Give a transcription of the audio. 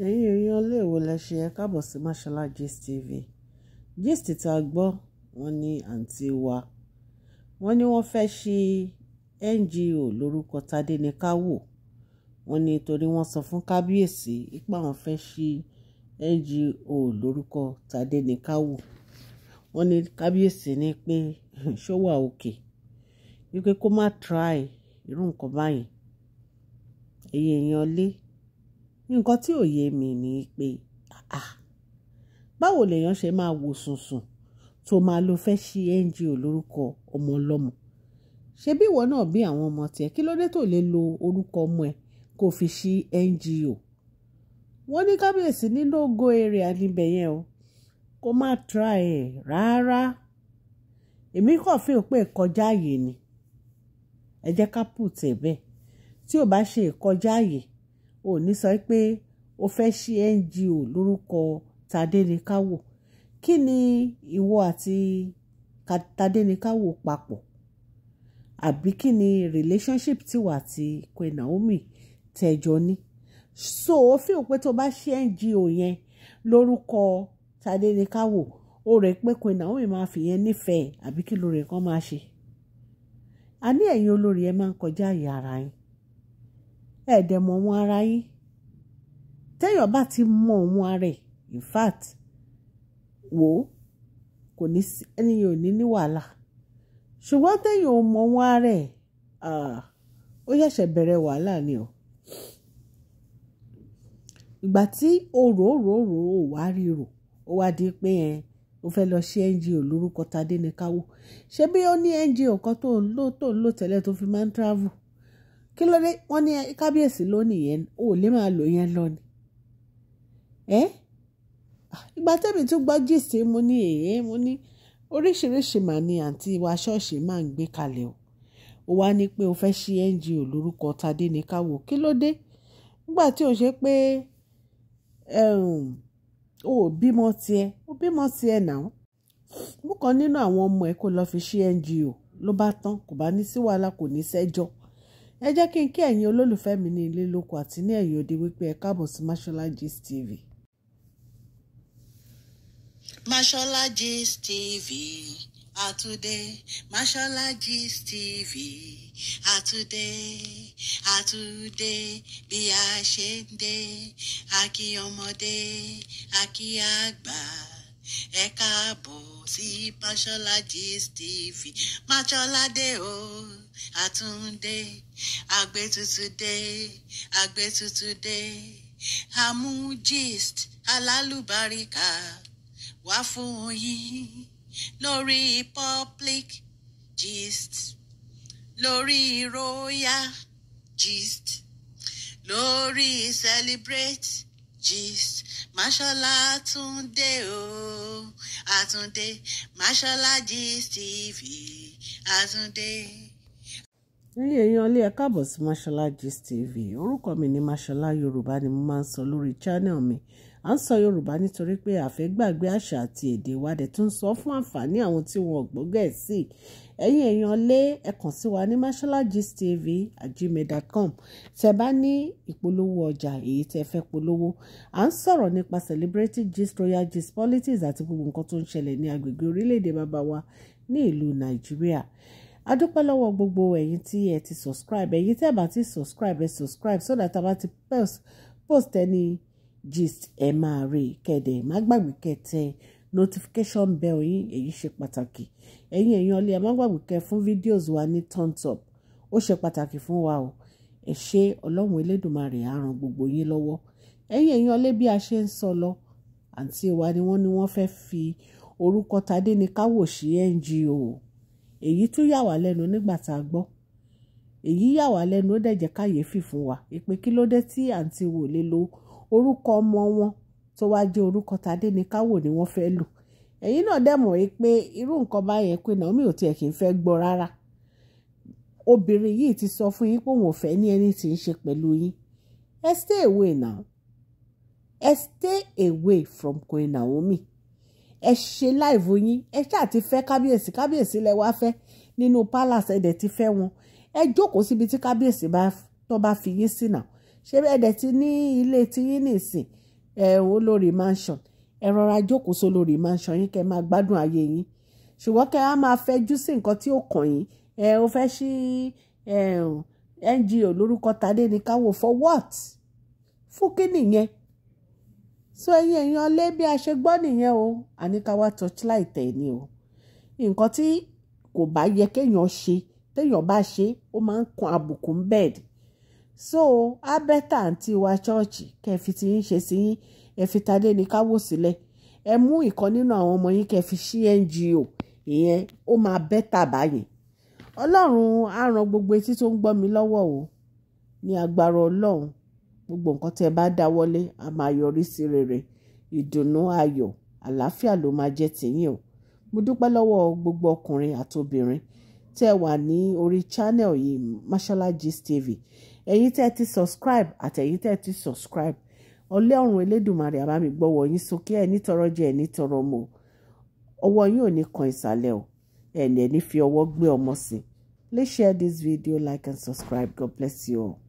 yẹ̀yìn èèyàn léèwò lẹ ṣe ẹ káàbọ̀ sí Mashola Gist TV gist tá a gbọ́ wọ́n ní àǹtí wa wọ́n ní wọ́n fẹ́ ṣe NGO lórúkọ Tádéníkáwò wọ́n ní torí wọ́n sọ fún kábíyèsí ipá wọn fẹ́ ṣe NGO lórúkọ Tádéníkáwò wọ́n ní kábíyèsí ní pé ṣọ́wà òkè wípé kó má try irú nǹkan báyìí èyí èèyàn lé nǹkan tí ò yé mi ni pé ah báwo lèèyàn ṣe máa wò sùnsùn tó máa lo fẹ́ ṣí NGO lórúkọ ọmọ ọlọ́mọ ṣebí ìwọ náà bí àwọn ọmọ tiẹ̀ kí ló dé tó lè lo orúkọ ọmọ ẹ̀ kó fi ṣí NGO wọ́n ní kábíyèsí ní lógo èrè àníbẹ̀ yẹn o kó má tra ẹ̀ rárá èmi kàn fi òpè kọjá àyè ni ẹ jẹ́ ká pù tẹ̀ bẹ́ẹ̀ tí ò bá ṣe ìkọjá àyè ò ní sọ pé o fẹ́ ṣí NGO lórúkọ Tadéníkáwò kí ni ìwọ àti Tadéníkáwò papọ̀ àbí kí ni relationship tiwa àti Queen Naomi tẹjọ ní so ó fi hàn pé tó bá ṣí NGO yẹn lórúkọ Tadéníkáwò ó rẹ̀ pé Queen Naomi máa fìyẹn nífẹ̀ẹ́ àbí kí lóore kan máa ṣe a ní ẹ̀yin olórí ẹ máa ń kọjá àyè ara yín ẹ̀ẹ́dẹ̀ mọ̀ wọn ara yín téèyàn bá ti mọ òun ara ẹ̀ in fact wo, ó kò ní ẹni yóò ní ní wàhálà ṣùgbọ́n téèyàn ò mọ òun ara ẹ̀ ó ṣẹ̀ṣẹ̀ bẹ̀rẹ̀ wàhálà ni o ìgbà tí o rò ó rò ó rò ó wá rí rò ó wá di pé ẹ o fẹ́ lọ ṣe NGO lórúkọ Tadé ní káwó ṣé bí ó ní NGO kan tó ń lò tó ń lò tẹ́lẹ̀ tó fi máa ń travel kí ló dé wọ́n ní kábíyèsí lónìí yẹn ò lè máa lò yẹn lọ ni ẹ́ ah, ìgbà tẹ́mi tún gbọ́ gist mo ní èyí mo ní oríṣiríṣi mà ni àǹtí wa ṣọ́ọ̀ṣì máa ń gbé kalẹ̀ o ó wá ní pé o fẹ́ ṣí NGO lórúkọ tadé ní káwọ kí ló dé nígbà tí o ṣe pé o ò bímọ tiẹ̀ o bímọ tiẹ̀ náà mú kan nínú àwọn ọmọ ẹ kó lọ́ọ́ fi ṣí NGO ló bá tán kò bá ní sí wàhálà kò ní sẹ́jọ́ ẹ jẹ́ kí n kí ẹ̀yin olólùfẹ́ mi ní ilé lóko àti ní ẹ̀yìn òde wípé ẹ káàbọ̀ sí Mashola Gist TV. Mashola Gist TV àtúndé Mashola Gist TV àtúndé àtúndé bí a ṣe ń dé a kí ọmọdé a kí àgbà ẹ káàbọ̀ sí Mashola Gist TV Mashola dé o àtúndé àgbétutù dé àgbétutù dé àmú gist alálùbáríkà wá fún yín lórí public gist lórí royal gist lórí celebrate gist Mashola tún o Azunde, Mashallah GTV, Azunde. ní èèyàn ilé ẹ káàbọ̀ sí Mashola Gist TV orúkọ mi ní Mashola Yorùbá ni mo máa ń sọ lórí channel mi à ń sọ Yorùbá nítorí pé àfẹ́gbàgbé àṣà àti èdè wa dẹ̀ tún sọ fún àǹfààní àwọn tí wọn ò gbọ́ Gẹ̀ẹ́sì ẹ̀yin èèyàn lé ẹ kàn sí wa ní Mashola Gist TV àgmail.com tẹ bá ní ìpolówó ọjà èyí tẹ fẹ́ polówó à ń sọ̀rọ̀ nípa celebrity gist royal gist politics àti gbogbo nǹkan tó ń ṣẹlẹ̀ ní agbègbè orílẹ̀ a dúpẹ́ lọ́wọ́ gbogbo ẹ̀yin tí ẹ ti subscribe ẹ̀yin tí ẹ bá ti subscribe ẹ subscribe so that a bá ti post post ẹni gist ẹ máa rí i kẹ̀dẹ̀ má gbàgbé kẹ̀tẹ̀ notification bell yín èyí ṣe pàtàkì ẹ̀yin ẹ̀yin ọlẹ́ ẹ má gbàgbé kẹ fún videos wa ní thumbs up ó ṣe pàtàkì fún wa o ẹ ṣé ọlọ́run elédùnmarè á ràn gbogbo yín lọ́wọ́ ẹ̀yin ẹ̀yin ọlẹ́ bí a ṣe ń sọ lọ àǹtí wa ni wọ́n ní wọ́n fẹ́ fi orúkọ Tádéníkáwòṣe NGO èyí tún yà wá lẹ́nu nígbà tá a gbọ́ èyí yà wá lẹ́nu ó dẹ̀ jẹ́ kàyéfì fún wa ìpè kí ló dé tí àǹtí wò lè lo orúkọ ọmọ wọn tó wáá jẹ́ orúkọ tadé ní káwò ni wọ́n fẹ́ lò ẹ̀yin náà dẹ̀ mọ̀ pé irú nǹkan báyẹn pé Naomi ò tiẹ̀ kì í fẹ́ gbọ́ rárá obìnrin yìí ti sọ fún yín pé òun ò fẹ́ ní ẹni tí ń ṣe pẹ̀lú yín ẹ stay away now ẹ stay away from Queen Naomi ẹ ṣe láìvo yín ẹ ṣáà ti fẹ́ kábíyèsí kábíyèsí lẹ wá fẹ́ nínú palace ẹ̀dẹ̀ ti fẹ́ wọn ẹ jókòó síbi tí kábíyèsí tó bá fi yín sí náà ṣé ẹ̀dẹ̀ ti ní ilé tiyín nìsín ẹ olórí mansion ẹ rọra jókòó sólórí mansion yín kẹ máa gbádùn ayé yín ṣùgbọ́n kẹ á máa fẹjú sí nǹkan tí ó kàn yín ẹ o fẹ́ ṣí ẹ ngo lórúkọ Tadé ní káwọ́ for what fún kí nìyẹn so ẹ̀yin èèyàn lé bí a ṣe gbọ́ nìyẹn o àníkàwá torchlight ẹ̀ ni o nǹkan tí kò bá yẹ kéèyàn ṣe téèyàn bá ṣe ó máa ń kan àbùkù ń bẹ́ẹ̀dì so abẹ́tà àǹtí wa ṣọ́ọ̀ṣì kẹ́ ẹ fi ti yín ṣe sí yín ẹ ní káwọ́ sílẹ̀ ẹ mú ìkan nínú àwọn ọmọ yín kẹ́ sí NGO ìyẹn ó máa bẹ́tà báyìí ọlọ́run á ran gbogbo etí tó ń gbọ́ mi lọ́wọ́ o ní agbára ọlọ́run gbogbo nǹkan tẹ́ bá dáwọ́lé a máa yọrí sí rere ìdùnnú ayọ̀ àlàáfíà ló máa jẹ́ tìyín o mo dúpẹ́ lọ́wọ́ gbogbo ọkùnrin àtobìnrin tẹ́ wà ní orí channel yìí Mashola Gist TV ẹ̀yin ti subscribe àtẹ̀yin tẹ́ ti subscribe ọlọ́run elédùnmarè á bá mi gbọ́wọ́ yín sókè ẹ̀ nítọrọ jẹ́ ẹ̀ nítọrọ mọ́ ọwọ́ yín ò ní kan ìsàlẹ̀ o ẹ̀ ní fi ọwọ́ gbé ọmọ sí please share this video like and subscribe god bless you all.